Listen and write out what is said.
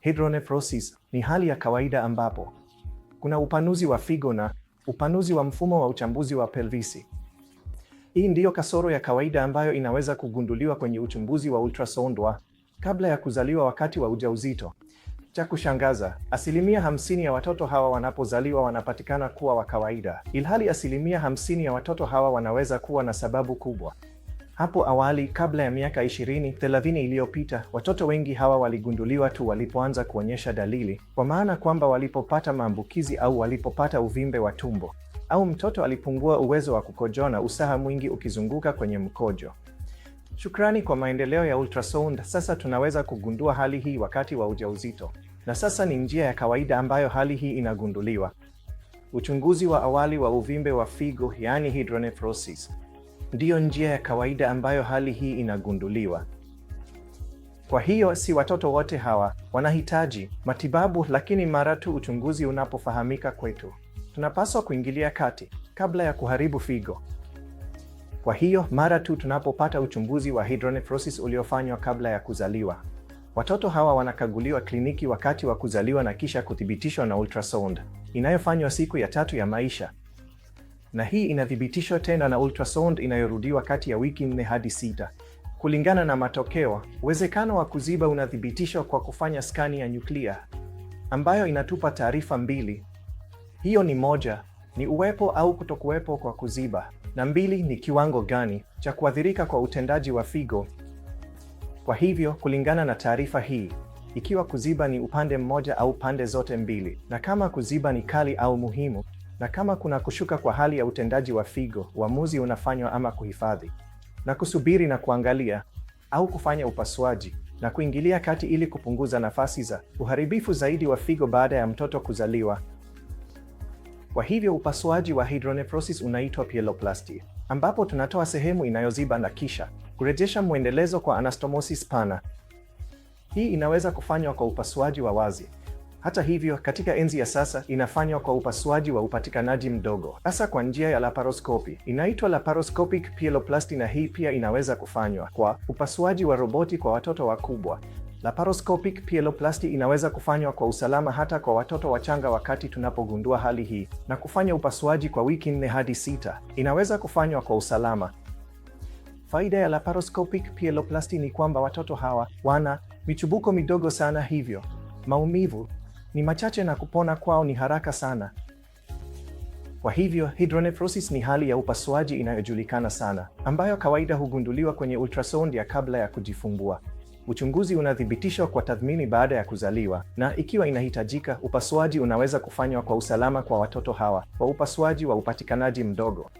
Hydronephrosis ni hali ya kawaida ambapo kuna upanuzi wa figo na upanuzi wa mfumo wa uchambuzi wa pelvisi. Hii ndiyo kasoro ya kawaida ambayo inaweza kugunduliwa kwenye uchunguzi wa ultrasound wa kabla ya kuzaliwa wakati wa ujauzito. Cha kushangaza, asilimia hamsini ya watoto hawa wanapozaliwa wanapatikana kuwa wa kawaida, ilhali asilimia hamsini ya watoto hawa wanaweza kuwa na sababu kubwa. Hapo awali, kabla ya miaka 20 30 iliyopita, watoto wengi hawa waligunduliwa tu walipoanza kuonyesha dalili, kwa maana kwamba walipopata maambukizi au walipopata uvimbe wa tumbo au mtoto alipungua uwezo wa kukojona, usaha mwingi ukizunguka kwenye mkojo. Shukrani kwa maendeleo ya ultrasound, sasa tunaweza kugundua hali hii wakati wa ujauzito, na sasa ni njia ya kawaida ambayo hali hii inagunduliwa. Uchunguzi wa awali wa uvimbe wa figo, yaani hydronephrosis ndiyo njia ya kawaida ambayo hali hii inagunduliwa. Kwa hiyo si watoto wote hawa wanahitaji matibabu, lakini mara tu uchunguzi unapofahamika kwetu, tunapaswa kuingilia kati kabla ya kuharibu figo. Kwa hiyo mara tu tunapopata uchunguzi wa hydronephrosis uliofanywa kabla ya kuzaliwa, watoto hawa wanakaguliwa kliniki wakati wa kuzaliwa na kisha kuthibitishwa na ultrasound inayofanywa siku ya tatu ya maisha na hii inathibitishwa tena na ultrasound inayorudiwa kati ya wiki nne hadi sita. Kulingana na matokeo, uwezekano wa kuziba unathibitishwa kwa kufanya skani ya nyuklia ambayo inatupa taarifa mbili. Hiyo ni moja, ni uwepo au kutokuwepo kwa kuziba, na mbili ni kiwango gani cha kuathirika kwa utendaji wa figo. Kwa hivyo, kulingana na taarifa hii, ikiwa kuziba ni upande mmoja au pande zote mbili, na kama kuziba ni kali au muhimu, na kama kuna kushuka kwa hali ya utendaji wa figo, uamuzi unafanywa ama kuhifadhi na kusubiri na kuangalia au kufanya upasuaji na kuingilia kati ili kupunguza nafasi za uharibifu zaidi wa figo baada ya mtoto kuzaliwa. Kwa hivyo upasuaji wa hydronephrosis unaitwa pieloplasty, ambapo tunatoa sehemu inayoziba na kisha kurejesha mwendelezo kwa anastomosis pana. Hii inaweza kufanywa kwa upasuaji wa wazi hata hivyo, katika enzi ya sasa inafanywa kwa upasuaji wa upatikanaji mdogo, hasa kwa njia ya laparoskopi. Inaitwa laparoscopic pieloplasty, na hii pia inaweza kufanywa kwa upasuaji wa roboti kwa watoto wakubwa. Laparoscopic pieloplasty inaweza kufanywa kwa usalama hata kwa watoto wachanga. Wakati tunapogundua hali hii na kufanya upasuaji kwa wiki nne hadi sita, inaweza kufanywa kwa usalama. Faida ya laparoscopic pieloplasty ni kwamba watoto hawa wana michubuko midogo sana, hivyo maumivu ni machache na kupona kwao ni haraka sana. Kwa hivyo hydronephrosis ni hali ya upasuaji inayojulikana sana ambayo kawaida hugunduliwa kwenye ultrasound ya kabla ya kujifungua. Uchunguzi unathibitishwa kwa tathmini baada ya kuzaliwa, na ikiwa inahitajika, upasuaji unaweza kufanywa kwa usalama kwa watoto hawa kwa upasuaji wa upatikanaji mdogo.